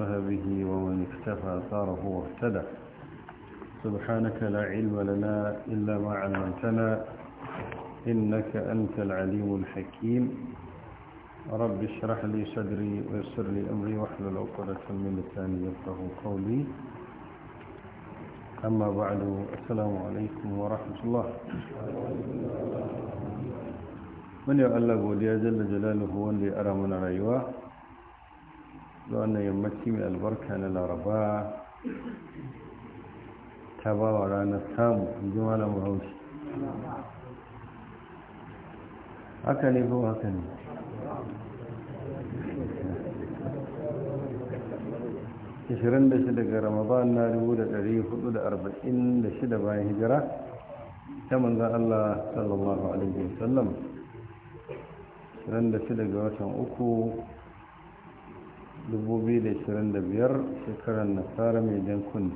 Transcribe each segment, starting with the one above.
به ومن اكتفى أثاره واهتدى سبحانك لا علم لنا إلا ما علمتنا إنك أنت العليم الحكيم رب اشرح لي صدري ويسر لي أمري واحلل عقدة من لساني يفقه قولي أما بعد السلام عليكم ورحمة الله من يؤلف ولي جل جلاله هو اللي أرى من رأيوه da wannan yammaci mai albarka na laraba ta ba wa ranar samu inji malamin haushi haka ne ko haka ne Ishirin da shi daga ramadan na dubu da ɗari da da hudu da shida bayan hijira ta manzan Allah sallallahu alaihi wasallam shi daga watan uku 2025 shekarar nasara mai dankun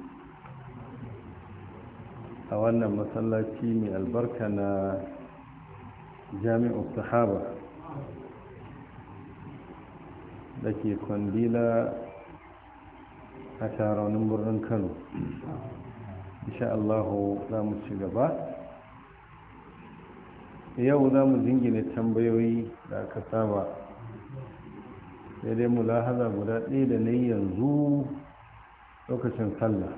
a wannan masallaci mai albarka na jami'ar sahaba da ke kwandila a taronin birnin kano insha allahu za mu ci gaba yau za mu jingina tambayoyi da aka saba sai dai mulahaza guda ɗaya da na yanzu lokacin sallah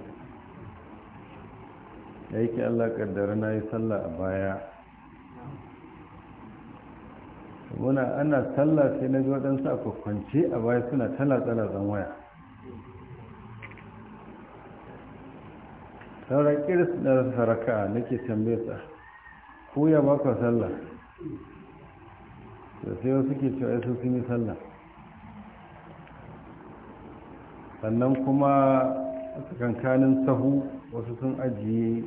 ya yi ke allah ƙaddara na yi sallah a baya muna ana sallah sai na zuwa ɗansu a kwakwance a baya suna talatsalatsan waya sauran ƙirs na saraka nake tambesa ko ya baka sallah da sai wasu ke cewa sun yi sallah sannan kuma kankanin sahu wasu sun ajiye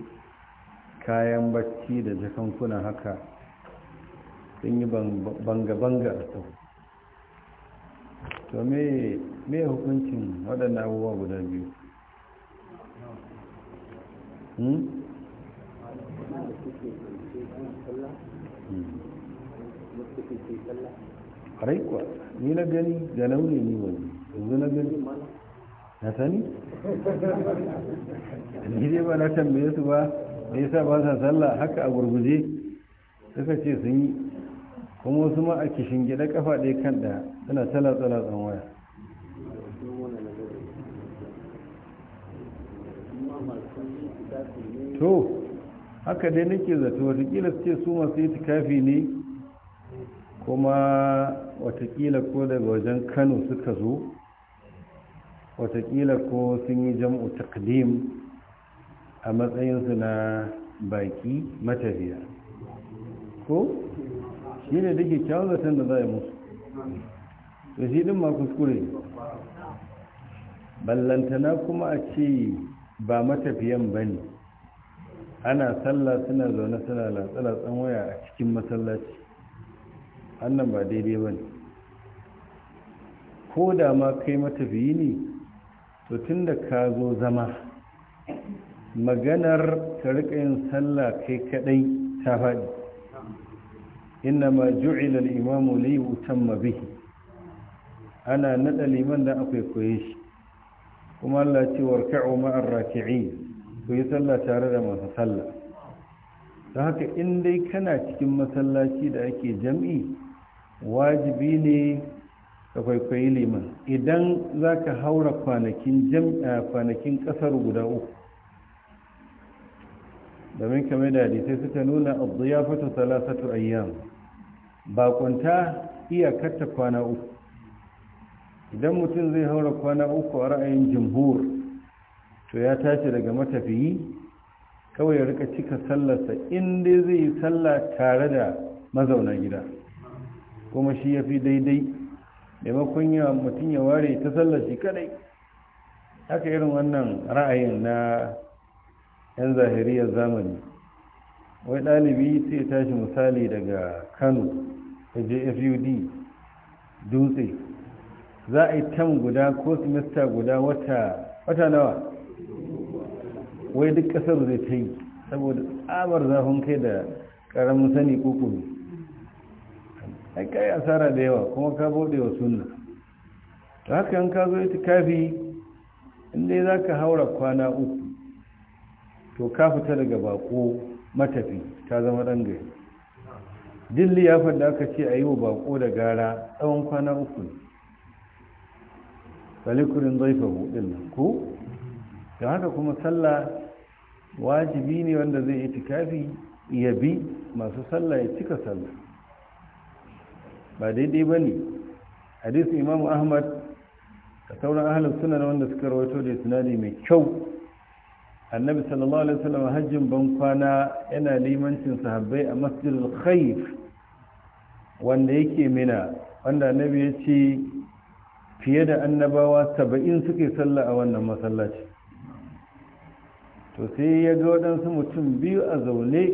kayan bacci da jakankuna haka sun yi banga-banga a sahu to me hukuncin waɗanda abubuwa guda biyu hmm? Hmm. kuwa ni na gani ga launi ne wani yanzu na gani na sani ni dai ba na tambaye su ba da yasa ba sa sallah haka a gurguje suka ce sun yi kuma wasu ma a kishin gida kafa ɗaya kan ɗaya suna tsala-tsala tsan waya to haka dai nake zato watakila su ce su masu yi tukafi ne kuma watakila ko daga wajen kano suka zo Wataƙila ko sun yi jam'u takdim a matsayinsu na baki matafiya ko shi ne duk kyawun zaton da za a musu da shi ɗin ma kuskure ballantana kuma a ce ba matafiyan ba ne ana sallah suna zaune suna tsan waya a cikin masallaci annan ba daidai ba ne ko da ma kai matafiyi ne to tun da ka zo zama maganar ka riƙa yin sallah kai kaɗai ta faɗi inna ma ju'ila al-imamu li yutamma bihi ana naɗa liman da akwai koye shi kuma Allah ce warka'u ma'ar raki'i ku yi sallah tare da masu sallah ta haka in dai kana cikin masallaci da ake jam'i wajibi ne ka kwaikwayi liman idan za ka haura kwanakin kasar guda uku domin kamar da hadisai suka nuna abu ya fata salasatu ayyam bakonta iyakarta kwana uku idan mutum zai haura kwana uku a ra'ayin jimhur to ya tashi daga matafiyi kawai ya rika cika sallarsa inda zai yi sallah tare da mazauna gida kuma shi ya fi daidai maimakon yawa mutum ya ware ta sallashi kadai haka irin wannan ra'ayin na 'yan zahiriyar zamani wai ɗalibi sai tashi misali daga kano ta jfud dutse za a yi tam guda ko simista guda wata nawa wai duk ƙasar zai ta yi saboda tsamar zafin kai da ƙaramin sani kukumi ai kai asara da yawa kuma ka bude wa sunna to haka in ka zo kafi in dai zaka haura kwana uku to ka fita daga bako matafi ta zama dan gari dilli ya faɗa aka ce a yi wa bako da gara tsawon kwana uku ne falikurin zaifa buɗin ku ko da haka kuma sallah wajibi ne wanda zai yi tikafi ya bi masu sallah ya cika sallah ba daidai ba ne hadisun imamu ahmad da sauran ahalin suna na wanda suka rawaito da sunani mai kyau annabi sallallahu alaihi wasallam hajjin ban kwana yana limancin sahabbai a masjidul khayf wanda yake mina wanda annabi ya ce fiye da annabawa saba'in suke sallah a wannan masallaci to sai ya ga waɗansu mutum biyu a zaune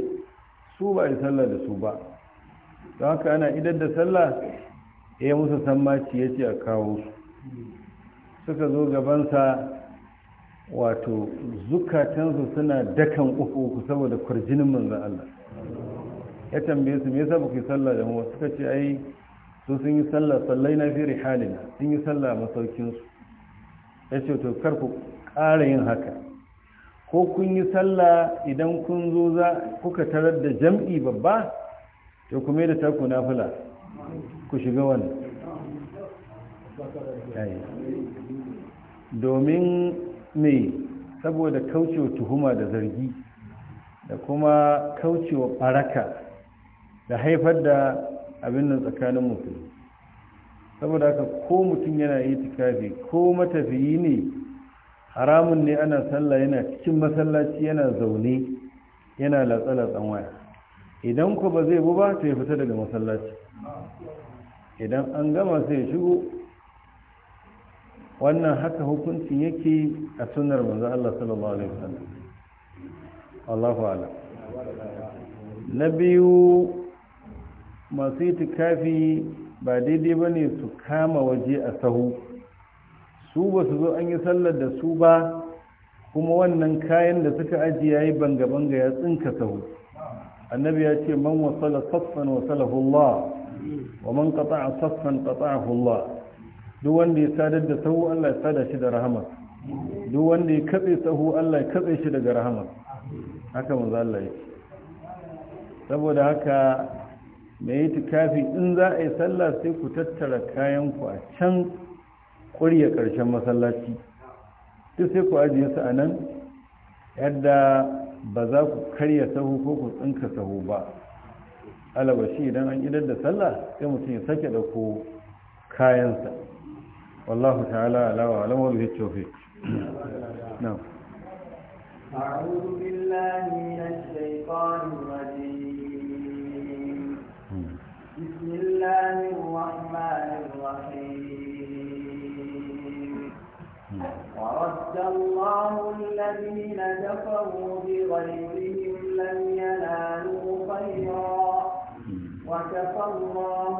su ba a sallah da su ba don haka ana idar da sallah ya musu sammaci ya ce a kawo su suka zo gabansa wato zukatansu suna dakan uku saboda kwarjinin manzan Allah ya tambaye su me yasa ba yi sallah da mu suka ce ai su sun yi sallah sallai na fi rihalina sun yi sallah masaukin ya ce to kar ku ƙara yin haka ko kun yi sallah idan kun zo za kuka tarar da jam'i babba to kuma da taku fula ku shiga wani domin me saboda kaucewa tuhuma da zargi da kuma kaucewa baraka da haifar da abin nan tsakanin mutum saboda haka ko mutum yana yi tikafi ko matafiyi ne haramun ne ana sallah yana cikin masallaci yana zaune yana latsa-latsan waya idan ku ba zai bu ba sai ya fita daga masallaci idan an gama sai ya shigo wannan haka hukuncin yake a sunar manzo Allah sallallahu alaihi wasallam Allahu ala na biyu masu itikafi ba daidai ba ne su kama waje a sahu su ba su zo an yi sallar da su ba kuma wannan kayan da suka ajiye ya yi banga-banga ya tsinka sahu annabi ya ce man wasala saffan wasalahu Allah wa man qata'a saffan qata'ahu Allah duk wanda ya sadar da sahu Allah ya sada shi da rahama duk wanda ya katse sahu Allah ya katse shi daga rahama haka manzo Allah ce. saboda haka me yi itikafi in za a yi sallah sai ku tattara kayan ku a can ƙurya ƙarshen masallaci duk sai ku ajiye su a nan yadda ba za ku karya sahu ko ku tsinka sahu ba alabashi idan an idar da sallah sai mutum ya sake da ku kayansa wallahu ta'ala alawa alamar da cofe na أعوذ بالله من الشيطان الرجيم بسم الله الرحمن الرحيم ورد الله الذين كفروا بغيرهم لم ينالوا خيرا وكفى الله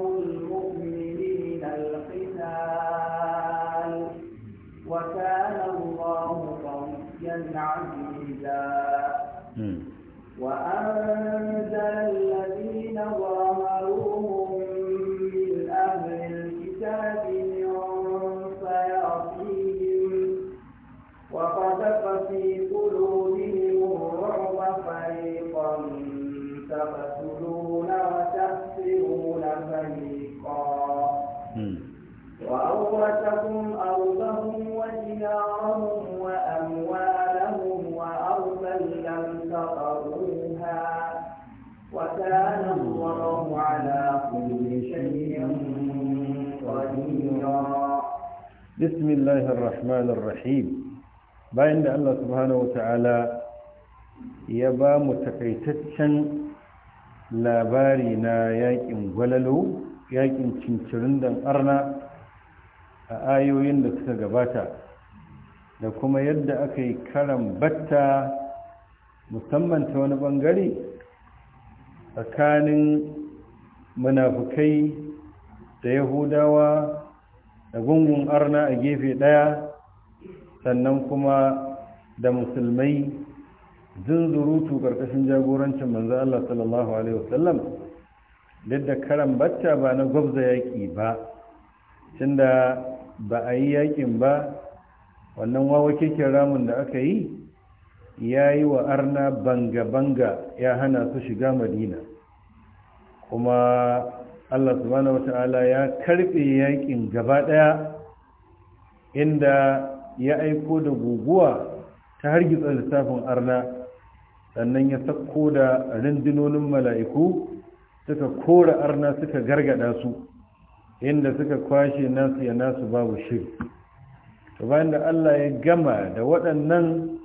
bismillahir rahmanir rahim bayan da Allah subhanahu ta'ala ya ba mu takaitaccen labari na yakin gwalalo yakin cincirin dan arna a ayoyin da suka gabata da kuma yadda aka yi karan batta musamman ta wani bangare tsakanin munafukai da yahudawa da gungun arna a gefe ɗaya sannan kuma da musulmai zunzurutu ƙarƙashin jagorancin manzo Allah sallallahu alaihi wasallam duk da karan bacca ba na gwabza yaƙi ba tunda ba a yi yaƙin ba wannan wawake keken ramun da aka yi ya yi wa arna banga-banga ya hana su shiga madina kuma Allah subhanahu wata'ala ya karbe yakin gaba daya inda ya aiko da guguwa ta hargitsa lissafin arna sannan ya sako da rundunonin mala'iku suka kora arna suka gargada su inda suka kwashe nasu ya nasu babu shiri to bayan da Allah ya gama da waɗannan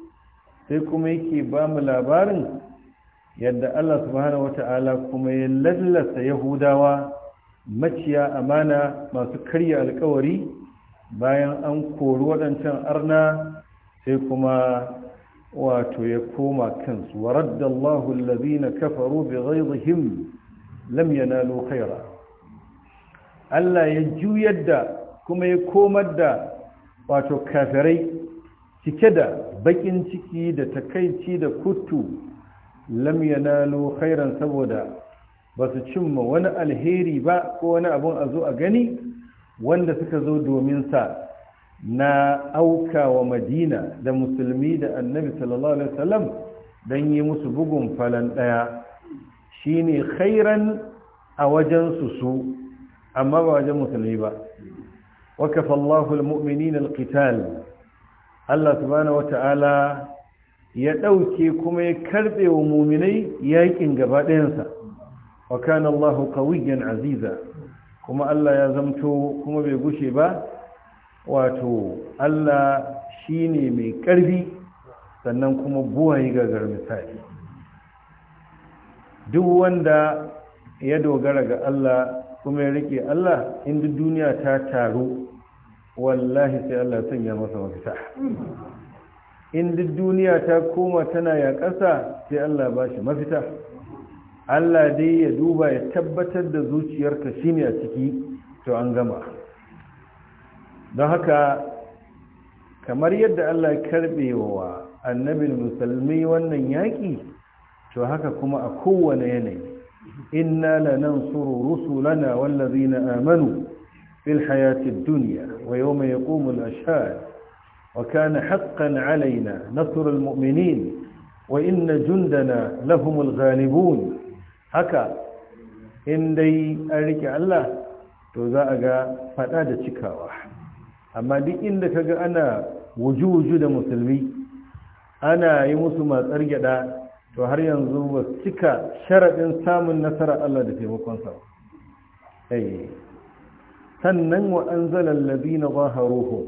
sai kuma yake ba mu labarin yadda Allah subhanahu wata'ala kuma ya lallasa yahudawa maciya amana masu karya alkawari bayan an kori waɗancan arna sai kuma wato ya koma kansu wa raddallahu allazina kafaru bi ghaydihim lam yanalu khaira Allah ya juyar da kuma ya komar da wato kafirai cike da bakin ciki da takaici da kuttu lam yanalu khairan saboda ba su cimma wani alheri ba ko wani abun a zo a gani wanda suka zo domin sa na auka wa madina da musulmi da annabi sallallahu alaihi wasallam don yi musu bugun falan ɗaya shi ne khairan a wajen su amma ba wajen musulmi ba wakafa Allahul mu'minin alqital Allah subhanahu wata'ala ya ɗauke kuma ya karɓe wa muminai yaƙin gaba ɗayansa wa kana Allahu qawiyyan aziza kuma Allah ya zamto kuma bai gushe ba wato Allah shine mai karfi sannan kuma buwaye gagar misali duk wanda ya dogara ga Allah kuma ya rike Allah in duk duniya ta taru wallahi sai Allah sanya masa mafita in duk duniya ta koma tana ya ƙasa sai Allah ba shi mafita Allah dai ya duba ya tabbatar da zuciyarka shine a ciki to an gama don haka kamar yadda Allah ya karbewa annabin musulmi wannan yaki to haka kuma a kowane yanayi inna lanansuru rusulana wallazina amanu fil hayatid dunya wa yawma yaqumul ashhad وكان حقا علينا نصر المؤمنين وإن جندنا لهم الغالبون haka in dai an rike Allah to za a ga fada da cikawa amma duk inda kaga ana wuju-wuju da musulmi ana yi musu matsar gyada to har yanzu ba cika sharaɗin samun nasara Allah da taimakonsa sannan wa an zalar na zaharuhu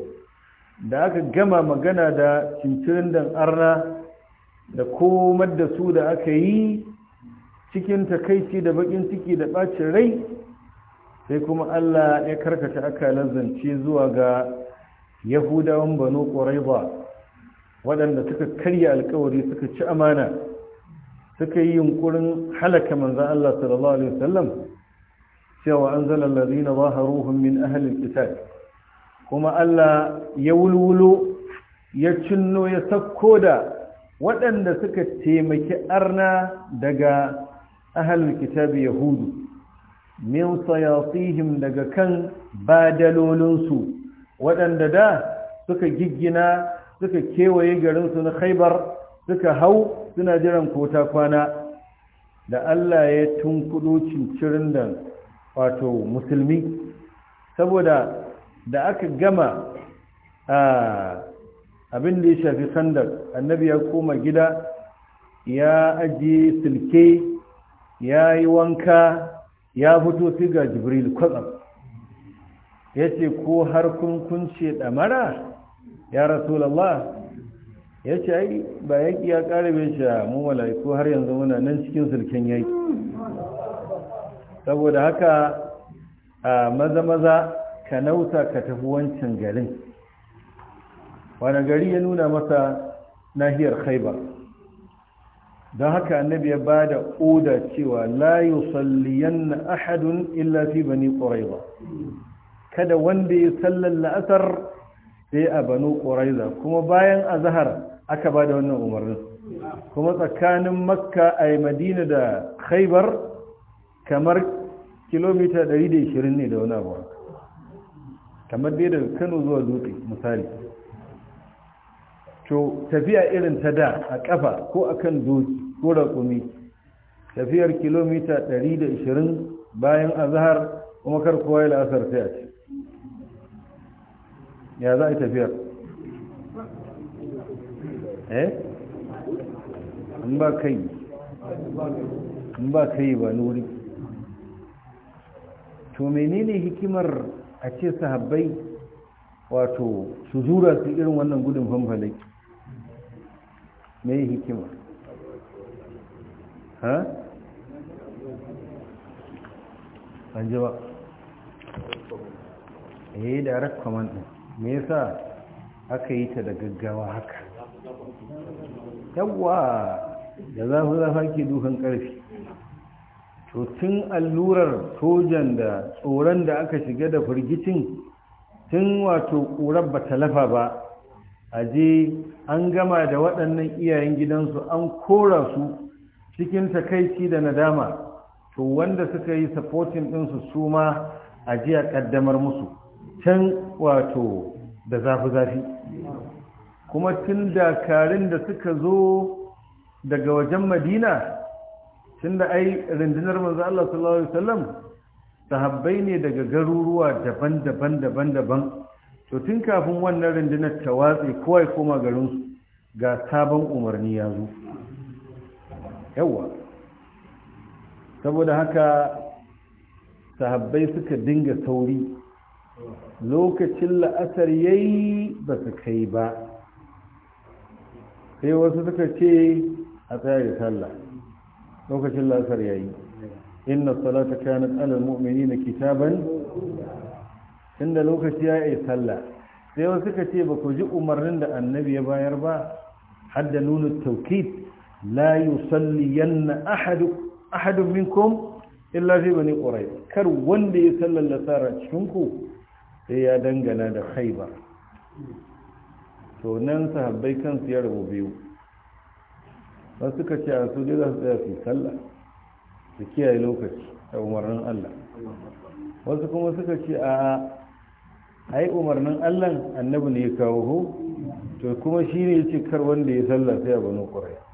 da aka gama magana da cincirin dan arna da komar da su da aka yi cikin takaici da bakin ciki da ɓacin rai sai kuma Allah ya karkata akalar zance zuwa ga yahudawan banu ƙwaraiba waɗanda suka karya alkawari suka ci amana suka yi yunkurin halaka manzan Allah sallallahu Alaihi wasallam cewa an zala lalazina zaharuhun min ahalin kitab kuma Allah ya wulwulo ya cinno ya sakko da waɗanda suka taimaki arna daga ahalul kitabi yahudu min sayatihim daga kan badalolinsu waɗanda da suka giggina suka kewaye garinsu na khaibar suka hau suna jiran kota kwana da Allah ya tunkudo cincirin da wato musulmi saboda da aka gama abin da ya shafi sandar annabi ya koma gida ya ajiye silke ya yi wanka ya fito siga jibril kwatsam ya ce ko har kun kunce ɗamara ya rasulallah ya ce ai ba yaƙi ya ƙara bai shi mu mala'iku har yanzu muna nan cikin sulken yaki. saboda haka a maza-maza ka nauta ka tafi wancan garin Wane gari ya nuna masa nahiyar khaibar don haka annabi ya ba da oda cewa la yusalliyanna ahadun illa fi bani quraiza kada wanda ya sallar la'asar sai a bani quraiza kuma bayan azahar aka ba da wannan umarnin kuma tsakanin makka a madina da khaibar kamar kilomita 120 ne da wani abu kamar dai daga kano zuwa dutse misali to tafiya irin ta da a ƙafa ko akan doki ko kumi tafiyar kilomita 120 bayan azhar kuma kar kowa ya la'asar sai a ce. ya za a yi tafiyar eh in ba kai ba kai ba nuri to menene hikimar a ce sahabbai wato su zura su irin wannan gudun fanfalai mai hikimar ha ba eh, me yasa aka yi ta da gaggawa haka yawwa da zafi zafi ke dukan ƙarfi. to tun allurar sojan da tsoron da aka shiga da firgicin tun wato ƙurar ba lafa ba a je an gama da waɗannan iyayen gidansu an kora su cikin takaici da nadama to wanda suka yi supporting ɗinsu su ma a jiya ƙaddamar musu can wato da zafi-zafi kuma tun dakarun da suka zo daga wajen madina tun da ai rundunar manzo Allah sallallahu Alaihi wasallam sahabbai ne daga garuruwa daban-daban daban-daban to tun kafin wannan rundunar ta watse kowai koma garinsu ga sabon umarni ya zo yawa saboda haka sahabbai suka dinga sauri lokacin la'asar yayi ba su kai ba sai wasu suka ce a tsaya da sallah lokacin la'asar yayi inna salata kanat alal mu'minina kitaban inda lokaci ya yi sallah sai wasu suka ce ba ku ji umarnin da annabi ya bayar ba hadda nuna taukid la yusalliyanna ahadu ahadu minkum illa fi bani quraiba kar wanda ya sallan nasara cikin ku sai ya dangana da khaybar to nan sahabbai su ya rabu biyu wasu suka ce a su dai za su tsaya su sallah su kiyaye lokaci a umarnin Allah wasu kuma suka ce a ai umarnin Allah annabi ne ya kawo to kuma shine yace kar wanda ya sallah sai a banu quraiba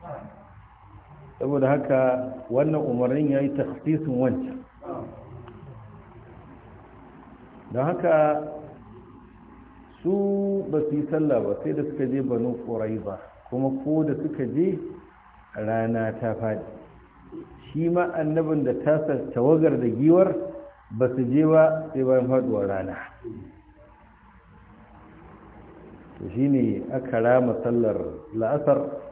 saboda haka wannan umarnin ya yi takhsisin wancan don haka su ba su yi sallah ba sai da suka je banu ƙorai ba kuma ko da suka je rana ta faɗi shi ma annabin da tasa tawagar da giwar ba su je ba sai bayan faɗuwa rana to shi ne aka rama sallar la'asar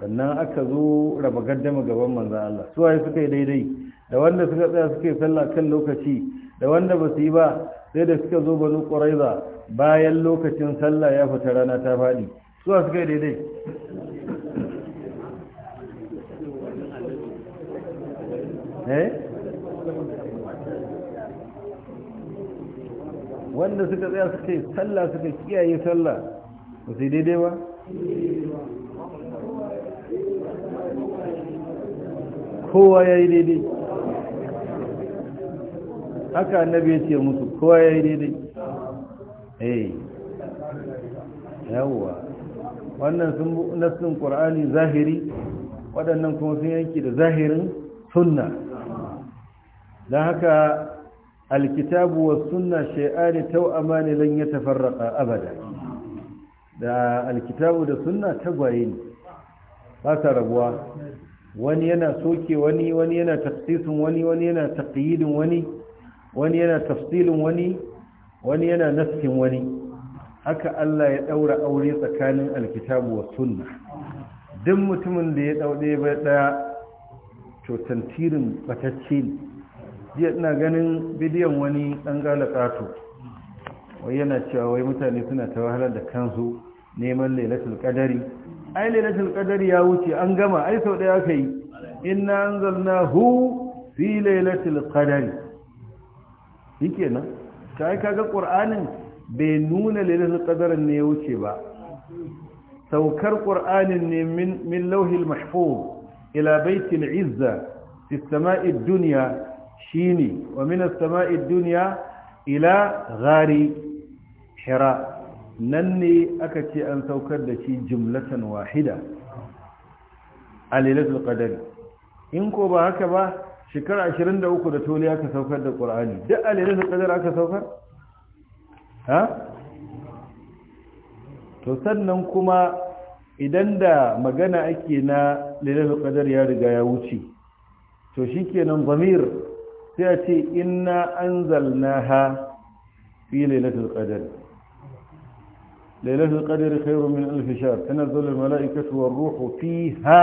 sannan aka zo raba gaddama gaban manzan Allah suwaye suka yi daidai da wanda suka tsaya suka yi sallah kan lokaci da wanda ba su yi ba sai da suka zo banu ƙuraiza bayan lokacin sallah ya fita rana ta faɗi suwa suka yi daidai eh? wanda suka tsaya suka yi sallah suka kiyaye sallah ba su yi daidai ba kowa ya yi daidai haka annabi ya ce musu kowa ya yi daidai eh yawwa wannan sun nassin ƙur'ani zahiri waɗannan kuma sun yanki da zahirin sunna don haka alkitabu wa sunna shay'ani tau'ama ne lan yatafarraqa tafarraka abada da alkitabu da sunna tagwaye ne ba sa rabuwa wani yana soke wani wani yana tafsisin wani wani yana taqyidin wani wani yana tafsilin wani wani yana naskin wani haka Allah ya daura aure tsakanin alkitabu wa sunna duk mutumin da ya daure bai daya to tantirin batacce ne jiya ina ganin bidiyon wani dan galakato wai yana cewa wai mutane suna ta wahalar da kansu neman lailatul qadari ai lailatul qadari ya wuce an gama ai sau daya kai inna anzalnahu fi lailatul qadari shikenan kai kaga qur'anin bai nuna lailatul qadarin ne ya wuce ba saukar qur'anin ne min min lauhil mahfuz ila baitil izza fi duniya dunya shine wa min as-sama'id dunya ila ghari hira nan ne aka ce an saukar da shi jumlatan wahida a lilatul qadari in ko ba haka ba shekara 23 da toli aka saukar da qur'ani duk a lilatul qadari aka saukar ha to sannan kuma idan da magana ake na lilatul qadari ya riga ya wuce to shikenan zamir sai a ce inna anzalnaha fi lilatul qadari lailatu al-qadari khayru min alf shahr tanazzalu al-mala'ikatu war-ruhu fiha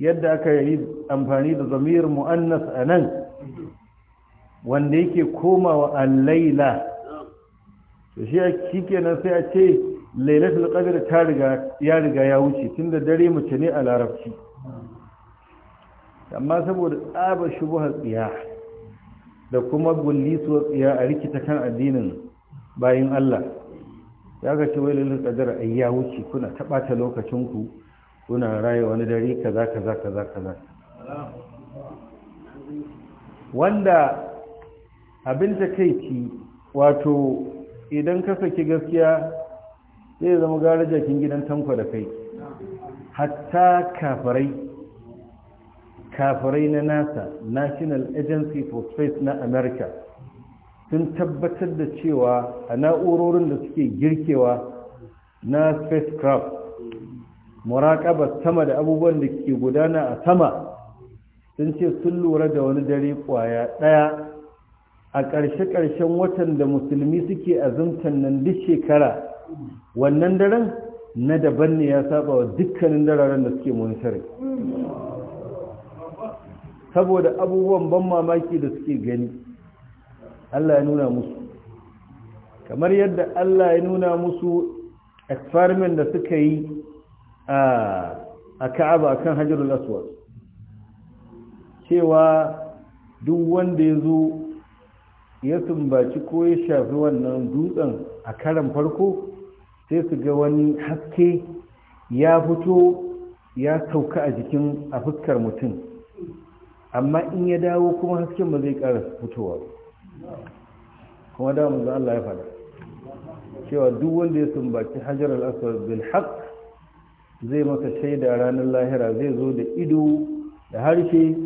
yadda aka yi amfani da zamir muannas a nan wanda yake komawa al-layla to shi yake nan sai a ce lailatu al ta riga ya wuce, tun da dare mu ce ne a larabci amma saboda tsaba shubuhar tsiya da kuma gulli tsiya a rikita kan addinin bayan Allah ya ga ce wailin qadar ai ya wuce kuna ta lokacin ku kuna raye wani dare kaza kaza kaza kaza wanda abin ta kai ki wato idan ka saki gaskiya zai zama gara jakin gidan tanko da kai hatta kafirai kafirai na nasa national agency for space na america sun tabbatar da cewa a na'urorin da suke girkewa na spacecraft muraƙaba sama da abubuwan da ke gudana a sama sun ce sun lura da wani dare ƙwaya ɗaya a ƙarshe-ƙarshen watan da musulmi suke azumtan nan duk shekara wannan daren na daban ne ya saba wa dukkanin dararen da suke monitoring saboda abubuwan ban mamaki da suke gani Allah ya nuna musu kamar yadda Allah ya nuna musu experiment da suka yi a Ka'aba akan Hajarul Aswad cewa duk wanda ya zo ya sumbaci ko ya shafi wannan dutsen a karan farko sai su ga wani haske ya fito ya sauka a jikin a fuskar mutum amma in ya dawo kuma hasken ba zai ƙara fitowa ba kuma da manzo Allah ya faɗa cewa duk wanda ya sumbaci hajar al'asar bin zai masa shaida ranar lahira zai zo da ido da harshe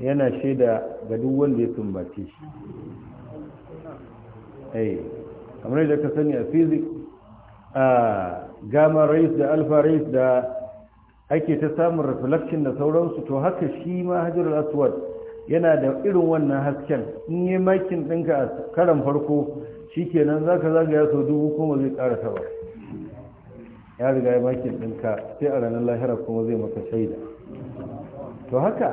yana shaida ga duk wanda ya sumbace shi ai eh, kamar da ka sani a physics a gamma rays da alpha rays da ake ta samun reflection da sauransu to haka shi ma hajjar aswad yana da irin wannan hasken in yi makin ɗinka a karan farko shi kenan za ka zagaya sau dubu kuma zai ƙara taba ya riga ya makin ɗinka sai a ranar lahira kuma zai maka shaida to haka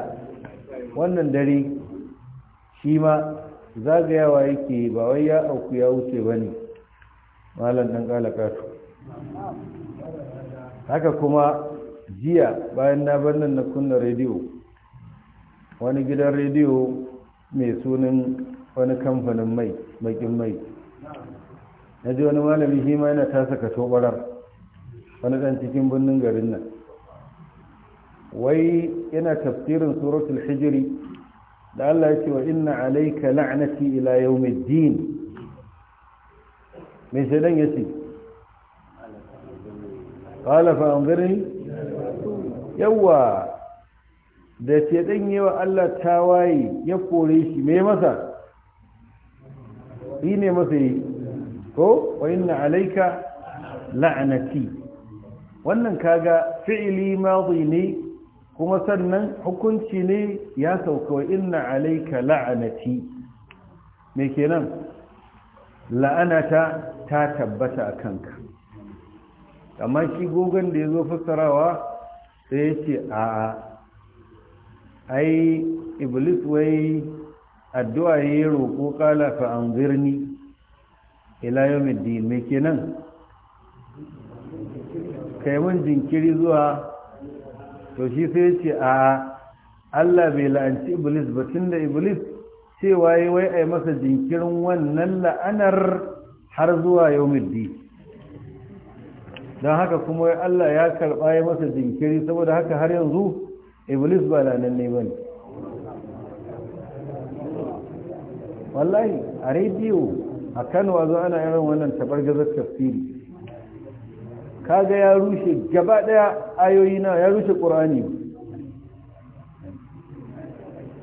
wannan dare shi ma zagayawa yake ba wai ya auku ya wuce ba ne malam ɗan ƙalaƙatu haka kuma jiya bayan na bar nan na kunna rediyo wani gidan rediyo mai sunan wani kamfanin mai bakin mai na ji wani malami shi ma yana tasa kaso barar wani ɗan cikin birnin garin nan wai yana tafsirin suratul hijiri da Allah ya ce wa inna alaika la'nati ila yawmiddin me sai dan yace qala fa anzirni Yawwa. da shaidan yawa Allah tawaye ya kore shi me masa yi ne masa yi ko wa inna alaika la'anati wannan kaga fi'ili madi ne kuma sannan hukunci ne ya sauka wa inna alaika la'anati me kenan la'anata ta tabbata a kanka amma shi gogon da ya zo fassarawa sai ya ce a'a ai iblis wai addu'a ya yi roƙo ƙala fa an zirni ila yawmiddin me kenan kai mun jinkiri zuwa to shi sai ce a Allah bai la'anci iblis ba tun da iblis cewa yi wai ai masa jinkirin wannan la'anar har zuwa yawmiddin don haka kuma Allah ya karɓa yi masa jinkiri saboda haka har yanzu iblis ba na nan ne ba ne wallahi a rediyo a kano wazo ana yaran wannan gazar tafsiri kaga ya rushe gaba daya ayoyi na ya rushe qur'ani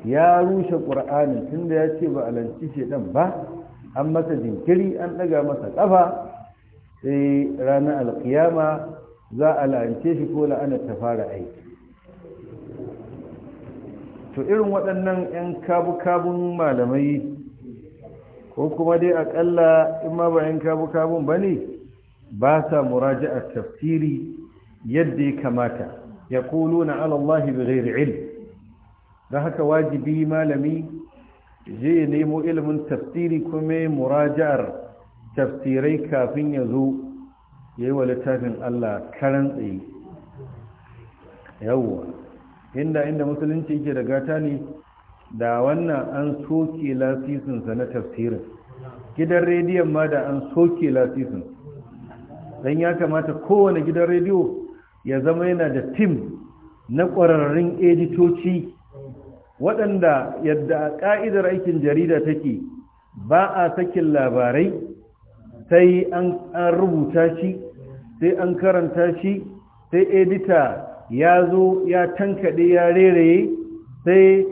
ya rushe qur'ani tunda ya ce ba a alanci shedan ba an masa jinkiri an daga masa ƙafa sai ranar alkiyama za a la'ance shi ko la'anar ta fara aiki to irin waɗannan 'yan kabu-kabun malamai ko kuma dai akalla in ma ba 'yan kabu-kabun ba ne ba sa a tafsiri yadda ya kamata ya kulu na alallahi bi ghairi ilm don haka wajibi malami je ya nemo ilimin tafsiri kuma muraji'ar tafsirai kafin ya zo ya yi wa littafin Allah karan tsaye yawwa inda inda musulunci yake da gata ne da wannan an soke lasisinsa na tafsirin gidan rediyon ma da an soke lasisin don ya kamata kowane gidan rediyo ya zama yana da tim na ƙwararrun editoci waɗanda yadda a ƙa'idar aikin jarida take ba a sakin labarai sai an rubuta shi sai an karanta shi sai edita ya zo ya tankaɗe ya reraye sai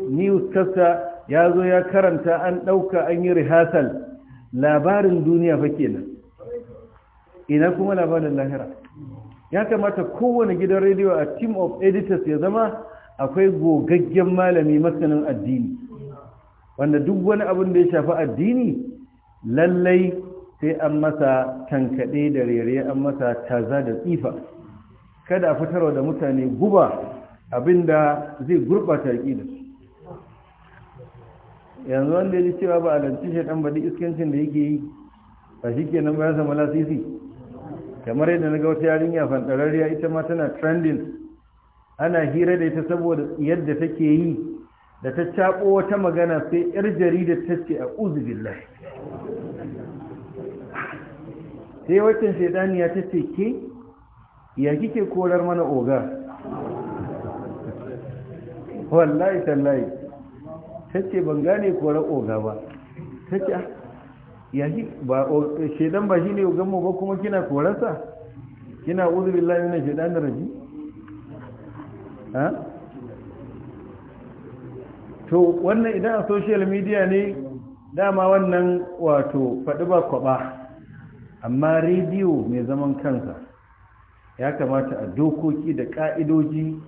kasa ya zo ya karanta an ɗauka an yi rehearsal labarin duniya fa kenan ina kuma labarin lahira ya kamata kowane gidan rediyo a team of editors ya zama akwai gogaggen malami masanin addini wanda duk wani abin da ya shafi addini lallai sai an masa tankaɗe da rere an masa taza da tsifa kada a fitarwa da mutane guba abinda zai gurbata aqida yanzu wanda ya cewa ba a lantin shaidan ba duk iskancin da yake yi ba shi ke nan bayan zama lasisi kamar yadda na ga wata yarinya fantarariya ita ma tana trending ana hira da ita saboda yadda take yi da ta caɓo wata magana sai yar jarida ta ce a uzubillah sai waccan shaidaniya ta ce ke ya kike korar mana oga wallahi tallahi tace ban gane korar oga ba tace ah, ya ki ba shaidan ba shine ogan mu ba kuma kina korarsa kina uzu billahi min shedanir raji ha to wannan idan a social media ne dama wannan wato faɗi ba kwaɓa amma rediyo mai zaman kansa ya kamata a dokoki da ƙa'idoji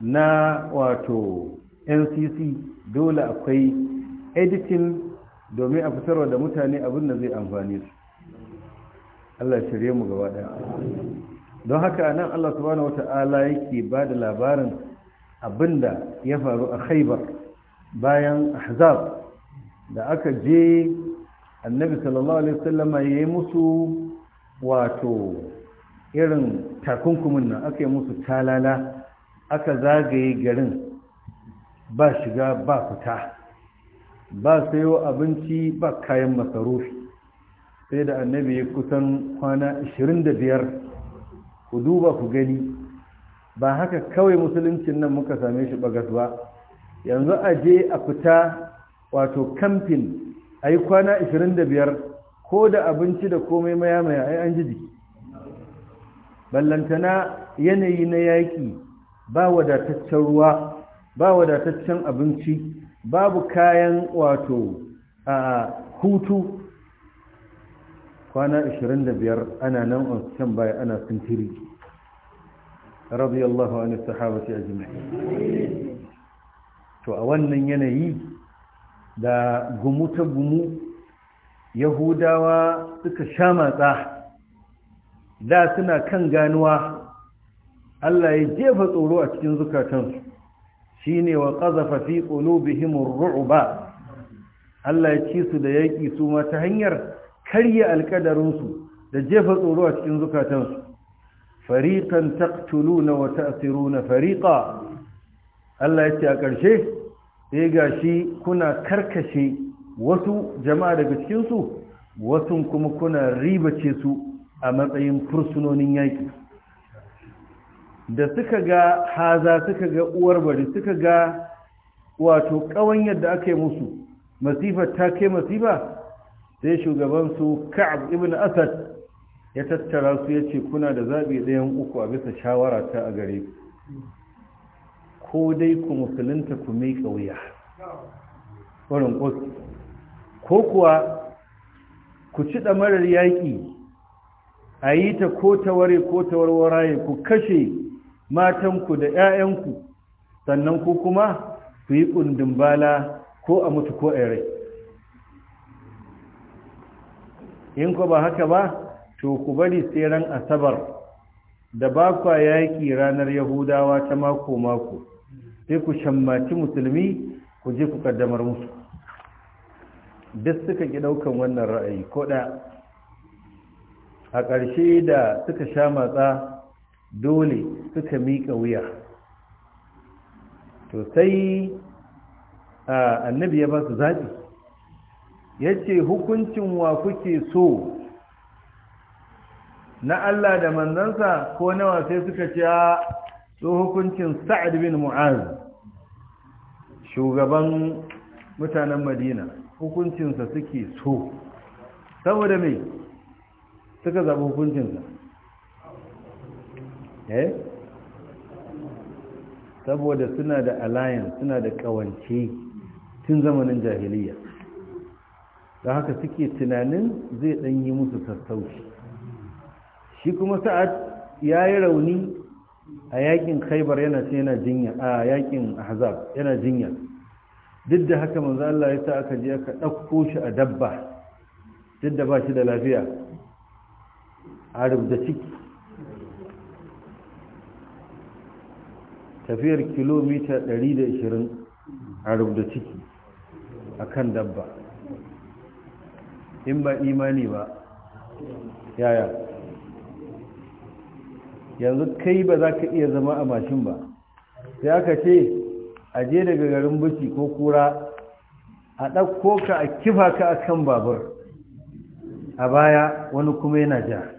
na wato ncc dole akwai editing domin a fitarwa da mutane abin da zai amfani su allah shirye mu gaba ɗaya don haka nan allah subhanahu ta'ala yake ba da labarin abin da ya faru a khaibar bayan ahzab da aka je annabi sallallahu alaihi wasallama ya yi musu wato irin takunkumin nan aka yi musu talala aka zagaye garin ba shiga ba fita ba sayo abinci ba kayan masarufi sai da annabi ya kusan kwana 25 ku duba ku gani ba haka kawai musuluncin nan muka same shi bagas ba yanzu a je a fita wato kamfin a yi kwana 25 ko da abinci da komai mayamaya, ai an ji jiki ballantana yanayi na yaƙi ba wadataccen ruwa ba wadataccen abinci babu kayan wato a hutu kwana 25 ana nan on can baya ana sintiri radiyallahu anhu sahabati ajma'in to a wannan yanayi da gumu ta gumu yahudawa suka sha matsa da suna kan ganuwa Allah ya jefa tsoro a cikin zukatansu shine wa qazafa fi qulubihim ar Allah ya ci su da yaki su ma ta hanyar karya alƙadarinsu da jefa tsoro a cikin zukatansu fariqan taqtuluna wa na fariqa Allah ya ce a ƙarshe sai gashi kuna karkashe wasu jama'a daga cikin su wasu kuma kuna ribace su a matsayin fursunonin yaƙi da suka ga haza suka ga uwar bari suka ga wato ƙawan yadda aka yi musu masifa ta kai masifa sai shugabansu ka'ab ibn asad ya tattara su ya ce kuna da zaɓi ɗayan uku a bisa shawara ta a gare ko dai ku musulunta ku mai ƙauya wurin ko kuwa ku ci ɗamarar yaƙi a yi ta ko ta ware ko ku kashe matanku da 'ya'yanku sannan ku kuma ku yi ƙundin bala ko a mutu ko a rai in ku ba haka ba to ku bari sai asabar da ba kwa yaƙi ranar yahudawa ta mako-mako sai ku shammaci musulmi ku je ku kaddamar musu duk suka ki ɗaukan wannan ra'ayi ko ɗaya a ƙarshe da suka sha matsa dole suka miƙa wuya to sai annabi ya ba su zaɓi ya ce hukuncin wa kuke so na Allah da manzansa ko nawa sai suka ce a so hukuncin sa'ad bin mu'az shugaban mutanen madina hukuncinsa suke so saboda mai suka zaɓi hukuncinsa eh saboda suna da alliance suna da ƙawance tun zamanin jahiliya da haka suke tunanin zai ɗan yi musu sassauci shi kuma sa'ad ya yi rauni a yakin khaibar yana ce yana jinya a yakin ahzab yana jinya duk da haka manzo Allah ya sa aka je aka ɗauko shi a dabba duk da ba shi da lafiya a rubda ciki tafiyar kilomita 120 a rubda ciki a kan dabba in ba imani ba yaya yanzu kai ba za ka iya zama a mashin ba sai aka ce a je daga garin buci ko kura a ɗauko ka a kifa ka a kan babur a baya wani kuma yana ja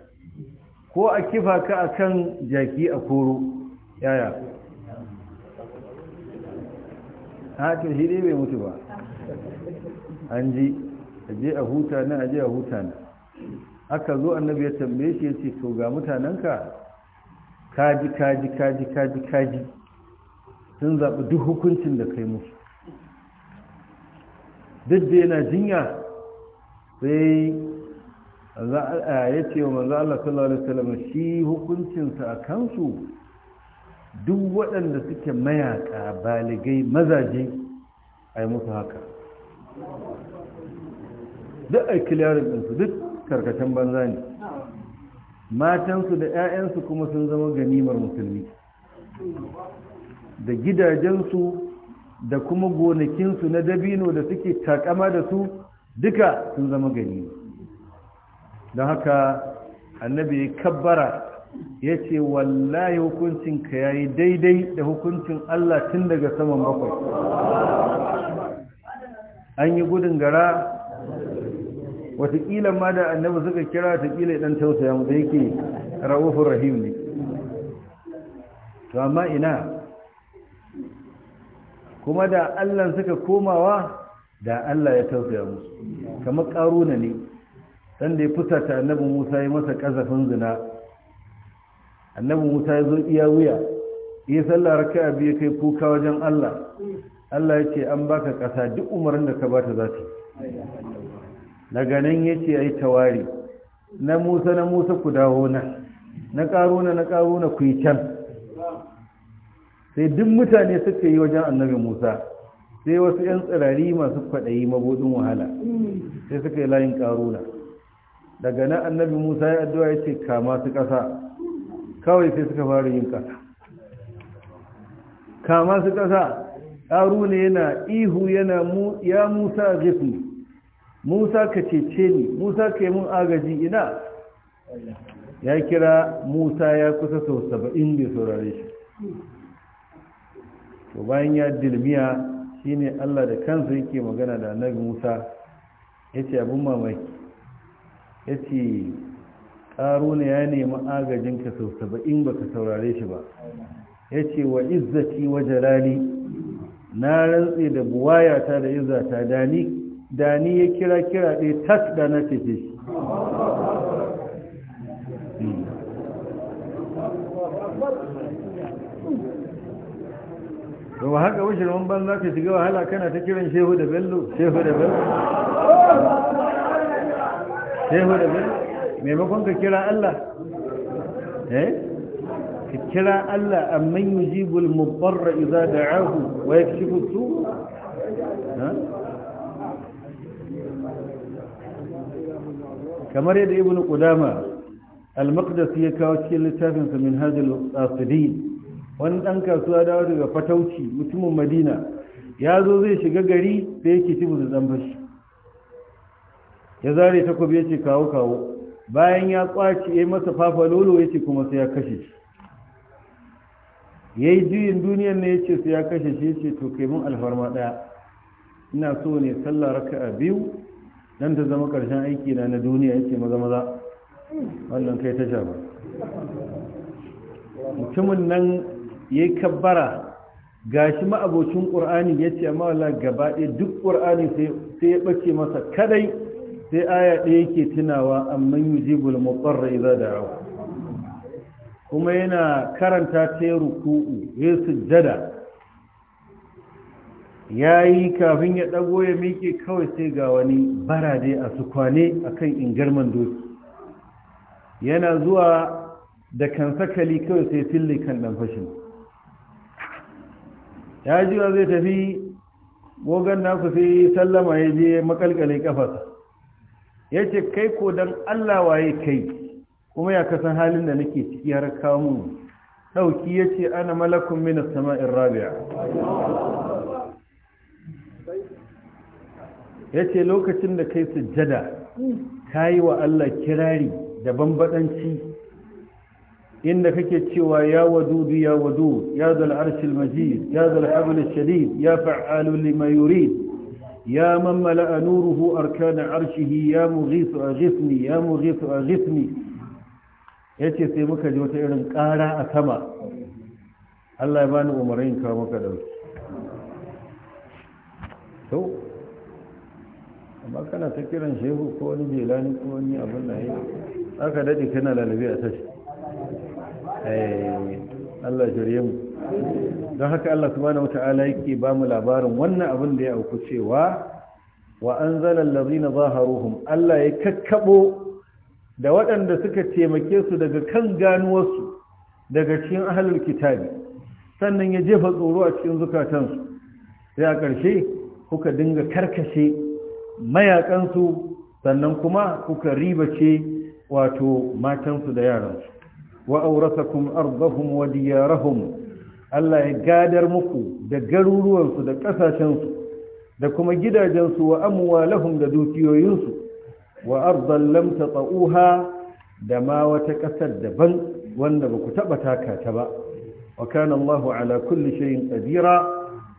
ko a kifa ka a kan jaki a koro yaya hatin shi dai bai mutu ba an ji aje a huta na aje a huta na aka zo annabi ya tambaye shi ya ce to ga mutanenka kaji kaji kaji kaji kaji sun zaɓi duk hukuncin da kai musu duk da yana jinya sai ya ce wa manzo Allah sallallahu alaihi wasallam shi hukuncinsa a kansu duk waɗanda suke mayaka baligai mazaje a yi musu haka duk a kiliyarin ɗinsu duk karkashin banza ne matansu da 'ya'yansu kuma sun zama ganimar musulmi da gidajensu da kuma gonakinsu na dabino da suke takama da su duka sun zama ganimar don haka annabi ya kabbara ya ce wallahi hukuncinka ya yi daidai da hukuncin Allah tun daga saman bakwai an yi gudun gara watakila ma da annabi suka kira watakila idan tausaya mu da yake ra'ufin rahim ne to amma ina kuma da Allah suka komawa da Allah ya tausaya musu kamar karuna ne dan da ya fusata annabi musa ya masa kazafin zina annabi musa ya zo iya wuya ya sallah raka biyu kai kuka wajen allah allah ya ce an baka kasa duk umarin da ka bata za ta daga nan ya ce ai tawari na musa na musa ku dawo nan na karuna na karuna ku yi can sai duk mutane suka yi wajen annabi musa sai wasu 'yan tsirari masu kwaɗayi mabudin wahala sai suka yi layin karuna daga nan annabi musa ya addu'a ya ce kama su ƙasa kawai sai suka fara yin ƙasa kama su ƙasa ƙaru ne yana ihu yana mu ya musa gifni musa ka cece ni musa ka yi mun agaji ina ya kira musa ya kusa sau saba'in bai saurare shi to bayan ya dilmiya shine allah da kansa yake magana da annabi musa ya ce abin mamaki ya ce ne ya nemi agajin ka sau saba'in ba ka saurare shi ba ya ce wa izzati wa jalali na rantse da buwayata da izzata dani dani ya kira kira ɗaya tas da na tafi shi ba hmm. haka washirman ban za shiga wahala kana ta kiran shehu da bello shehu da bello sai hu da maimakon ka kira Allah eh ka kira Allah amman yujibul mudarra idza da'ahu wa yakshifu su kamar yadda ibnu qudama al-maqdis ya kawo cikin littafinsa min hadal asidin wani dan kasuwa dawo daga fatauci mutumin madina ya zo zai shiga gari sai yake ci da dan ya zare takobi ya ce kawo kawo bayan ya kwaci ya masa fafa lolo ya kuma sai ya kashe shi ya yi juyin duniyar ne ya ce sai ya kashe shi ya ce to kai mun alfarma ɗaya ina so ne sallah raka'a biyu dan ta zama ƙarshen aiki na duniya ya ce maza maza wannan kai ta shafa mutumin nan ya yi kabbara gashi ma'abocin ƙur'ani ya ce amma wala gaba ɗaya duk ƙur'ani sai ya ɓace masa kadai sai aya ɗaya yake tunawa amma yujibul mutarra idza da'a kuma yana karanta ta ruku'u ya sujjada yayi kafin ya dago ya miƙe kawai sai ga wani barade a su sukwane akan ingarman doki yana zuwa da kansakali kawai sai tilli kan dan fashin ya ji zai tafi gogan naku sai sallama ya je makalkale kafasa Yace kai ko don allah waye kai kuma ya kasan halin da nake ciki har kamu ɗauki yace ana malakun mina sama'in rabia Yace lokacin da kai sujjada ka yi wa allah kirari da bambadanci inda kake cewa ya wadudu ya wadu ya zal arshil majid ya zal hablul shadid ya fa'alu lima yurid يا من ملأ نوره أركان عرشه يا مغيث أغثني يا مغيث أغثني yace sai muka ji wata irin ƙara a sama Allah bani umarin ka maka to amma kana ta kiran shehu ko wani jelani ko wani abin da ya aka dade kana lalabe a tashi eh Allah shirye mu don haka Allah subhanahu wata'ala yake ba mu labarin wannan abin da ya auku cewa wa anzala allazina zaharuhum Allah ya kakkaɓo da waɗanda suka taimake su daga kan ganuwarsu daga cikin ahlul kitabi sannan ya jefa tsoro a cikin zukatansu sai a ƙarshe kuka dinga karkashe mayakansu sannan kuma kuka ribace wato matansu da yaransu wa auratakum ardahum wa diyarahum Allah ya gadar muku da garuruwansu da ƙasashensu da kuma gidajensu wa amwalahum da dukiyoyinsu wa ardan lam tata'uha da ma wata ƙasar daban wanda ba ku taɓa taka ta ba wa kana Allahu ala kulli shay'in qadira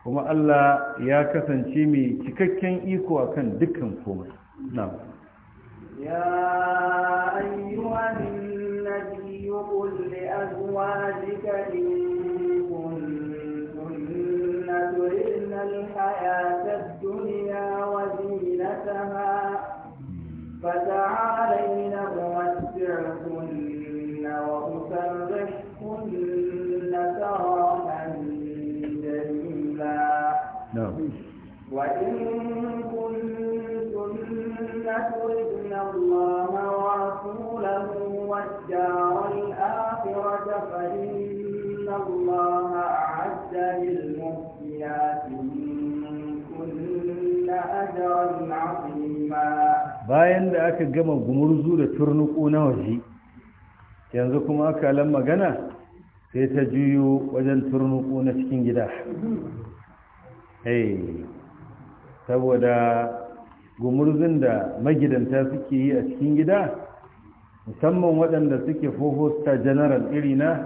kuma Allah ya kasance mai cikakken iko akan dukkan komai na'am ya ayyuhan nabiyyu qul li azwajika in الحياة الدنيا وزينتها فتعالين أمتعكن وأسرحكن سراحا جميلا نعم. وإن كنتن تردن الله ورسوله والدار الآخرة فإن الله أعد للمحسنات bayan da aka gama gumurzu da turnuku na waje yanzu kuma aka lan magana sai ta juyo wajen turnuku na cikin gida eh, saboda gumurzun da magidanta suke yi a cikin gida musamman waɗanda suke fofosta general irina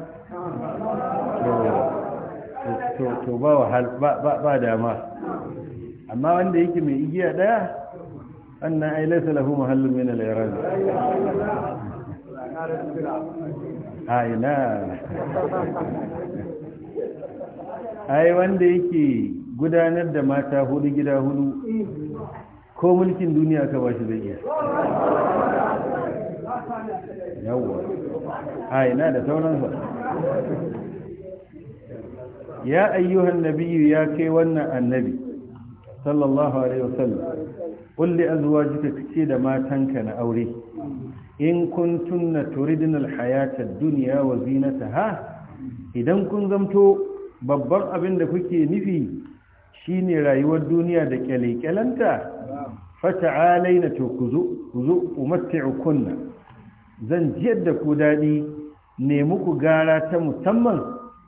to ba dama amma wanda yake mai igiya daya annan ai laisa lahu mahallun min al-iran ai na ai wanda yake gudanar da mata hudu gida hudu ko mulkin duniya ka ba shi zai iya yawwa ai na da sauransa ya ayyuhan nabiyyu ya kai wannan annabi sallallahu alaihi wasallam qul li azwajika kace da matanka na aure in kuntunna turidinal alhayata ad-dunya wa zinataha idan kun zamto babban abin da kuke nufi shine rayuwar duniya da kyalekyalanta fata'alaina to kuzo kuzo umatti'ukunna zan jiyar da ku dadi ne muku gara ta musamman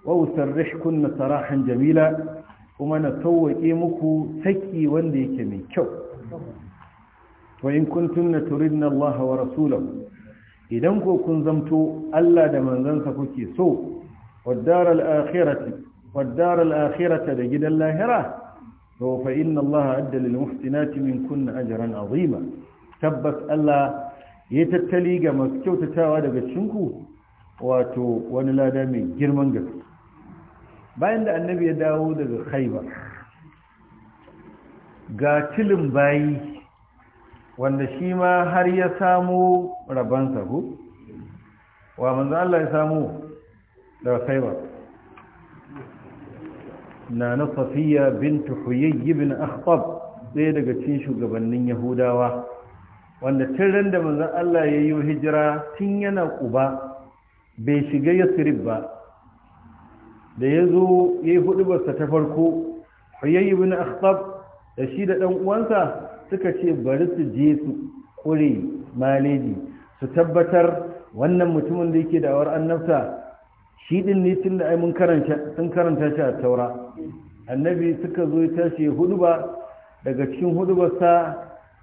wa usarrihkunna sarahan jamila kuma na sauwaƙe muku saki wanda yake mai kyau wa in kuntum na turidna Allah wa rasulahu idan ko kun zamto Allah da manzansa kuke so waddar al da gidan lahira to fa inna Allah adda lil muhsinati kunna ajran azima tabbas Allah ya tattali ga masu kyautatawa daga cinku wato wani lada mai girman gaske bayan da annabi ya dawo daga khaibar ga tilin bayi wanda shi ma har ya samu rabansa ku wa manzo Allah ya samu daga khaibar na na safiya bint huyay ibn akhtab sai daga cikin shugabannin yahudawa wanda tun ran da manzo Allah ya yi hijira tun yana kuba bai shiga yasrib ba da ya zo ya yi hudubarsa ta farko huyayi bin akhtab da shi da ɗan uwansa suka ce bari su je su ƙure maleji su tabbatar wannan mutumin da yake da'awar annabta shi ɗin ne tun da ai mun karanta shi a taura annabi suka zo ya tashi ya huduba daga cikin hudubarsa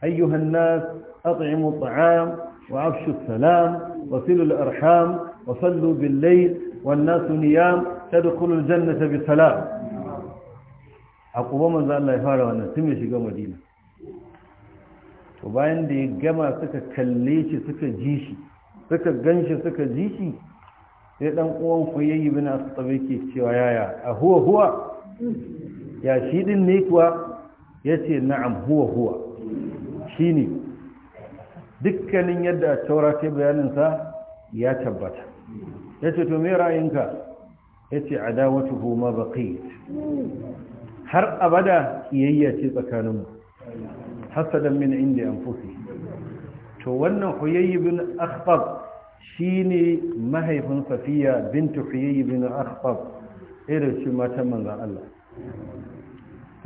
ayyuhan nas at'imu at'am wa afshu salam wa silul arham wa sallu bil layl والناس نيام تدخل الجنة بسلام akwai manzo Allah ya fara wannan tun ya shiga Madina to bayan da ya gama suka kalle shi suka ji shi suka ganshi suka ji shi sai dan uwan kuyayi bin Asabi ke cewa yaya a huwa huwa ya shi din ne kuwa yace na'am huwa huwa shine dukkanin yadda taurata bayanin sa ya tabbata ya ce to me ra'ayinka ya ce adawatuhu ma baqi har abada kiyayya ce tsakaninmu hasadan min indi anfusi to wannan huyayyi bin akhtab shine mahaifin safiya bintu huyayyi bin akhtab irin shi matan manzon Allah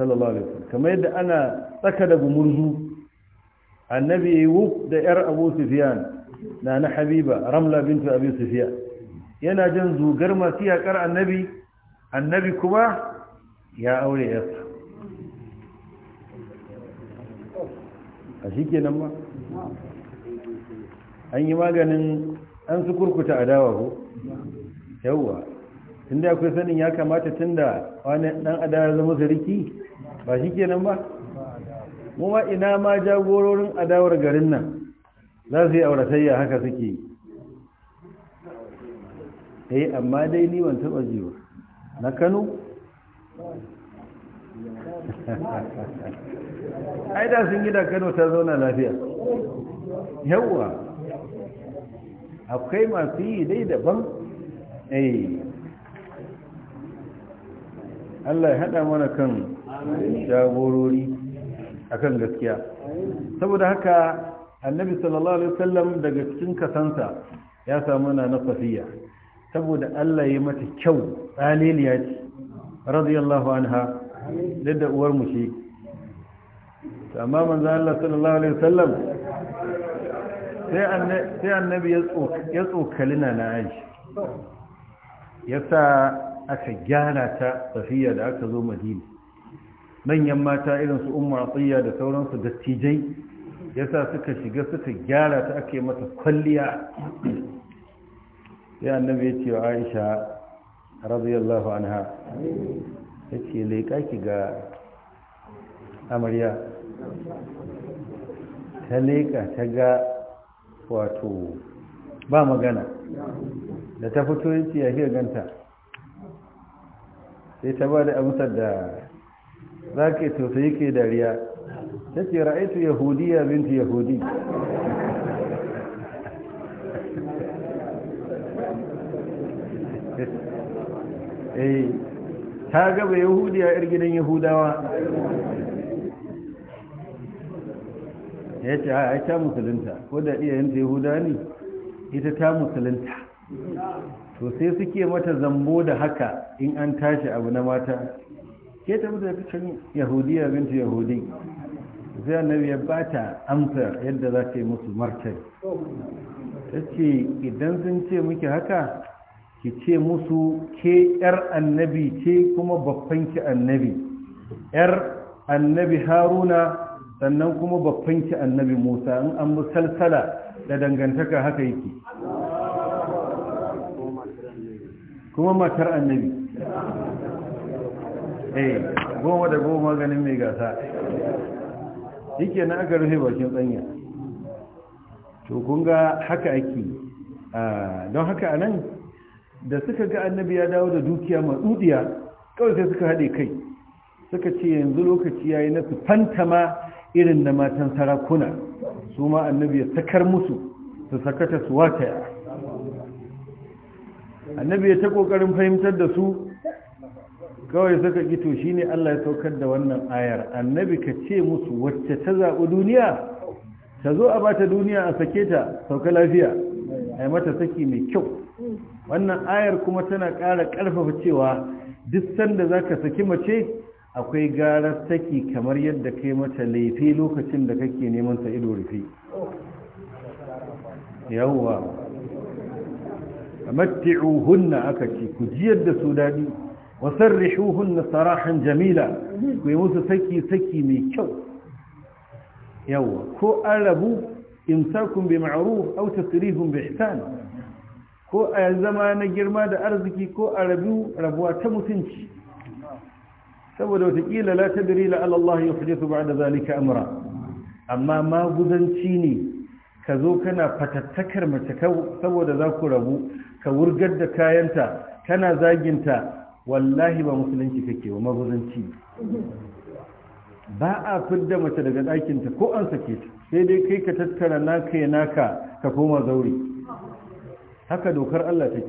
sallallahu alaihi wasallam kamar yadda ana tsaka da gumurzu annabi yayi da yar Abu Sufyan na na Habiba Ramla bint Abi Sufyan yana jin zugar masu yaƙar annabi annabi kuma ya aure yasa a shi nan ba an yi maganin an su kurkuta adawa ko yauwa tun da akwai sanin ya kamata tun da wani ɗan adawa zama sarki ba shi ke nan ba kuma ina ma jagororin adawar garin nan za su yi auratayya haka suke yi eh amma dai ni ban taba ji na Kano ai da sun gida Kano ta zauna lafiya Yauwa. akwai masu yi dai daban eh Allah ya haɗa mana kan a akan gaskiya saboda haka annabi sallallahu alaihi wasallam daga cikin kasansa ya samu na fasiyya. saboda Allah ya mata kyau tsaliliya ce radiyallahu anha duk da uwar mu shi amma manzo Allah sallallahu alaihi wasallam sai annabi ya tsokali na na ya sa aka gyara ta tafiya da aka zo madina manyan mata irin su umar tsayya da sauransu dattijai ya sa suka shiga suka gyara ta aka yi mata kwalliya sai annabi ya ce wa aisha radiyallahu anha ya ce leƙa ki ga amarya ta leƙa ta ga wato ba magana da ta fito ya ce ya ganta sai ta ba da amsar da za ka yi sosai ke dariya ta ce ra'aitu yahudiya binti yahudi Eh, eh, ta gaba yahudiya yar gidan yahudawa ya ce a ta musulunta ko da iyayenta yahuda ne ita ta musulunta to sai suke mata zambo da haka in an tashi abu na mata ke ta mutu cikin yahudiya binta yahudi sai annabi ya bata amsa yadda za ta yi musu martani ta ce idan sun ce muke haka ki ce musu ke yar annabi ce kuma babbanki annabi yar annabi haruna sannan kuma babbanki annabi musa in an musalsala da dangantaka haka yake kuma matar annabi eh goma da goma ganin mai gasa yake na aka rufe bakin tsanya to kun ga haka ake ah, don haka anan da suka ga annabi ya dawo da dukiya dudiya kawai sai suka haɗe kai suka ce yanzu lokaci ya yi na su fantama irin na matan sarakuna su ma annabi ya sakar musu su sakata su wataya annabi ya ta ƙoƙarin fahimtar da su kawai suka gito shi ne allah ya saukar da wannan ayar annabi ka ce musu wacce ta zaɓi duniya ta zo a bata duniya a sake ta sauka lafiya a yi mata saki mai kyau wannan ayar kuma tana ƙara ƙarfafa cewa duk sanda za ka saki mace akwai gara saki kamar yadda kai mata laifi lokacin da kake neman ta ido rufe yawwa matti'uhunna aka ce ku jiyar da su daɗi wasarrihuhunna sarahan jamila ku yi musu saki saki mai kyau yawwa ko an rabu imsakun bi ma'ruf aw tasrihun bi ihsan ko a zama na girma da arziki ko a rabuwa ta mutunci saboda watakila la ta la Allah ya hujjatu ba'da zalika amura. amma maguzanci ne ka zo kana fatattakar mace saboda za ku rabu ka wurgar da kayanta kana zaginta wallahi ba musulunci kake wa maguzanci ba a fidda mace daga ɗakinta ko an sake ta sai dai kai ka tattara naka ya naka ka koma zaure haka dokar Allah take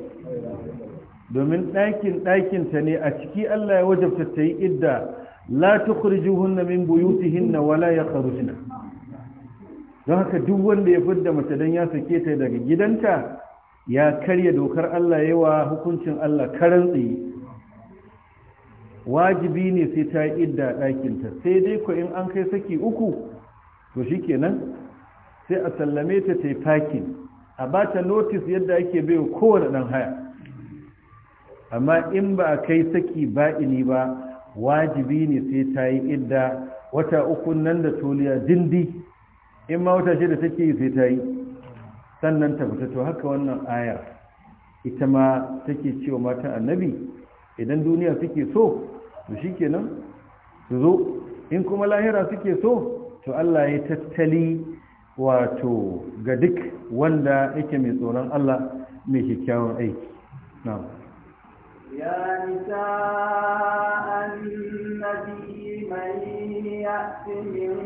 domin ɗakin ɗakin ta ne a ciki Allah ya wajabta ta yi idda la tukhrijuhunna min hinna, wala yakhrujna don haka duk wanda ya fidda mace dan ya sake ta daga gidanta ya karya dokar Allah yawa hukuncin Allah karan tsaye wajibi ne sai ta yi idda ɗakinta sai dai ko in an kai saki uku to shikenan sai a sallame ta ta yi fakin a ba ta notis yadda ake bai kowane ɗan haya amma in ba a kai saki ba'ini ba wajibi ne sai ta yi idda wata uku nan da toliya dindi in ma wata shida take yi sai ta yi sannan ta fita to haka wannan ayar ita ma take cewa mata annabi idan duniya suke so to shikenan su zo in kuma lahira suke so to Allah ya tattali wato ga duk wanda yake mai tsoron Allah mai kyakkyawan aiki na'am ya nisa annabi man ya'ti min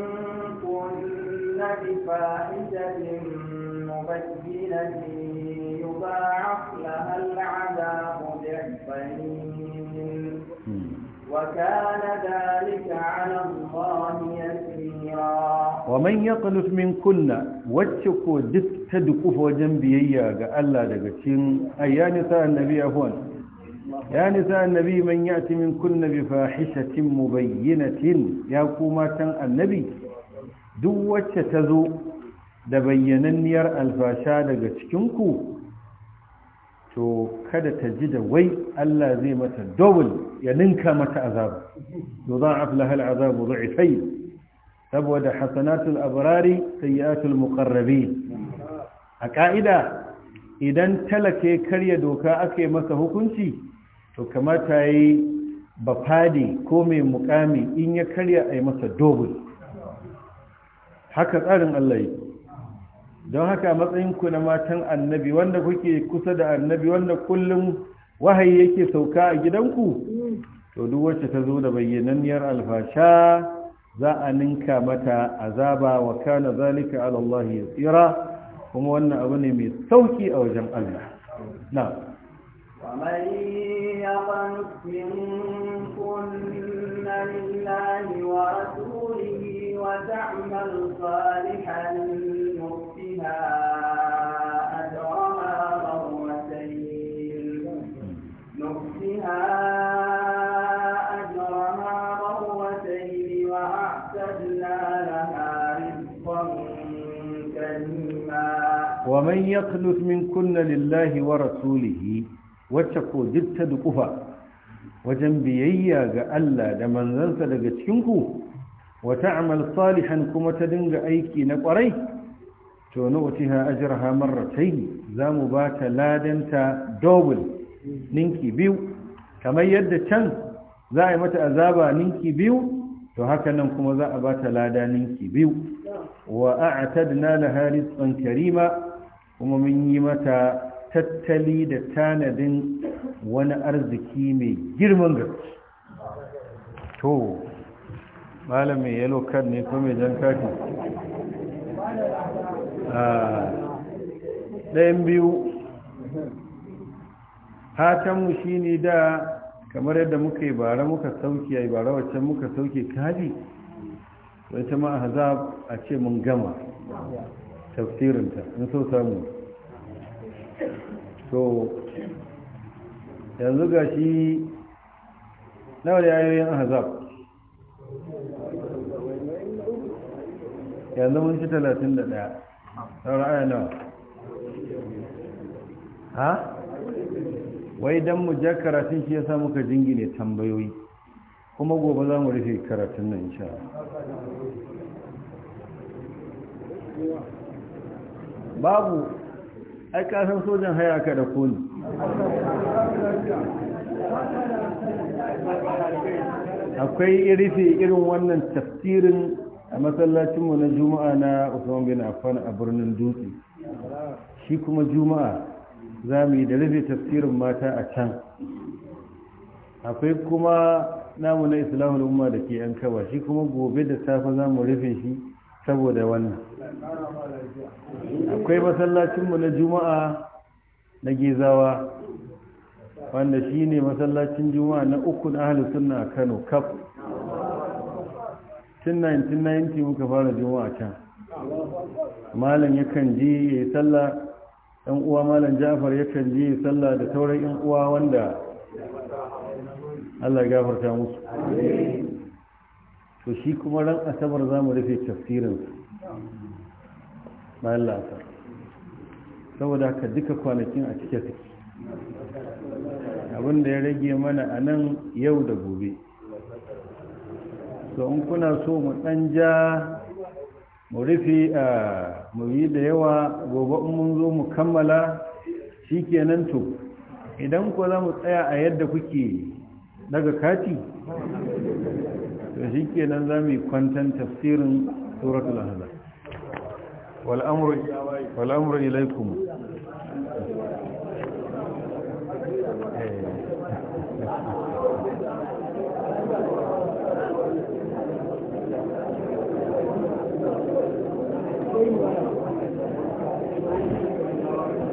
kunna bi fa'idatin mubayyinatin يضاعف لها العذاب ضعفين وكان man ya min kunna wacce ko duk ta dukufa wajen biyayya ga Allah daga cikin ayyani sa annabi afwan ya nisa annabi man ya ci min kunna bi fahishatin mubayyinatin ya kuma tan annabi duk wacce ta zo da bayyananniyar alfasha daga cikinku to kada ta ji da wai Allah zai mata double ya ninka mata azab yudha'af laha al'azabu du'ifai saboda hasanatul abrari sayyatul muqarrabi a ka'ida idan talake karya doka aka yi masa hukunci to kamata yi bafadi ko mai mukami in ya karya a yi masa dogon haka tsarin Allah yi don haka matsayinku na matan annabi wanda kuke kusa da annabi wanda kullum wahayi yake sauka a gidanku to duk wacce ta zo da bayyananniyar alfasha za a ninka mata azaba wa kana zalika ala Allah yasira kuma wannan abu ne mai sauki a wajen Allah na ومن يقنط wa لله ورسوله وتعمل صالحا نؤتها وأعتدنا لها رزقا كريما ومن يخلص من كن لله ورسوله واتقوا جدت دقفا wajen biyayya ga Allah da manzansa daga cikinku wa ta'mal salihan kuma ta dinga aiki na kwarai to na wutiha ajraha marratayn zamu ba ta ladanta double ninki biyu kamar yadda can za a yi mata azaba ninki biyu to haka nan kuma za a bata lada ninki biyu wa a'tadna laha rizqan karima kuma mun yi mata tattali da tanadin wani arziki mai girman gaske to malamin yalo kan ne ko mai jan kati ah, ɗayan biyu hatanmu shi ne da kamar yadda muka yi bara muka sauke yi bara wacce muka sauke kaji wacce ma ahzab a ce mun gama tafsirinta in so samu so yanzu ga shi nawa da yayoyin ahzab yanzu mun shi talatin da daya saura aya nawa ha wai dan mu ja karatun shi ya sa muka jingine tambayoyi kuma gobe za mu rufe karatun nan sha. babu ai kasan sojan haya ka da koni akwai irife irin wannan tafsirin a masallacinmu na juma'a na usman bin affan a birnin dutse shi kuma juma'a za mu yi da rufe tafsirin mata a can akwai kuma namu na islamun umma da ke yan shi kuma gobe da safe za mu rufe shi saboda wannan akwai masallacinmu na juma'a na gizawa wanda shi ne masallacin juma'a na uku na ahalus suna a kano kaf tun 1990 muka fara juma'a can malam yakan je ya yi sallah ɗan uwa malam jafar yakan canji sallah da sauran ɗan uwa wanda Allah ya gafarta musu to shi kuma ran asabar za mu rufe tafsirinsa bayan la'asar saboda haka duka kwanakin a cike suke abinda ya rage mana a nan yau da gobe to in kuna so mu ɗan ja mu rufe a mu yi da yawa gobe in mun zo mu kammala shi kenan to idan ko za mu tsaya a yadda kuke daga kati to shi kenan za mu yi kwantan tafsirin suratul ahzab wal'amuru wal'amuru ilaikum Thank eh. you. ọ̀rọ̀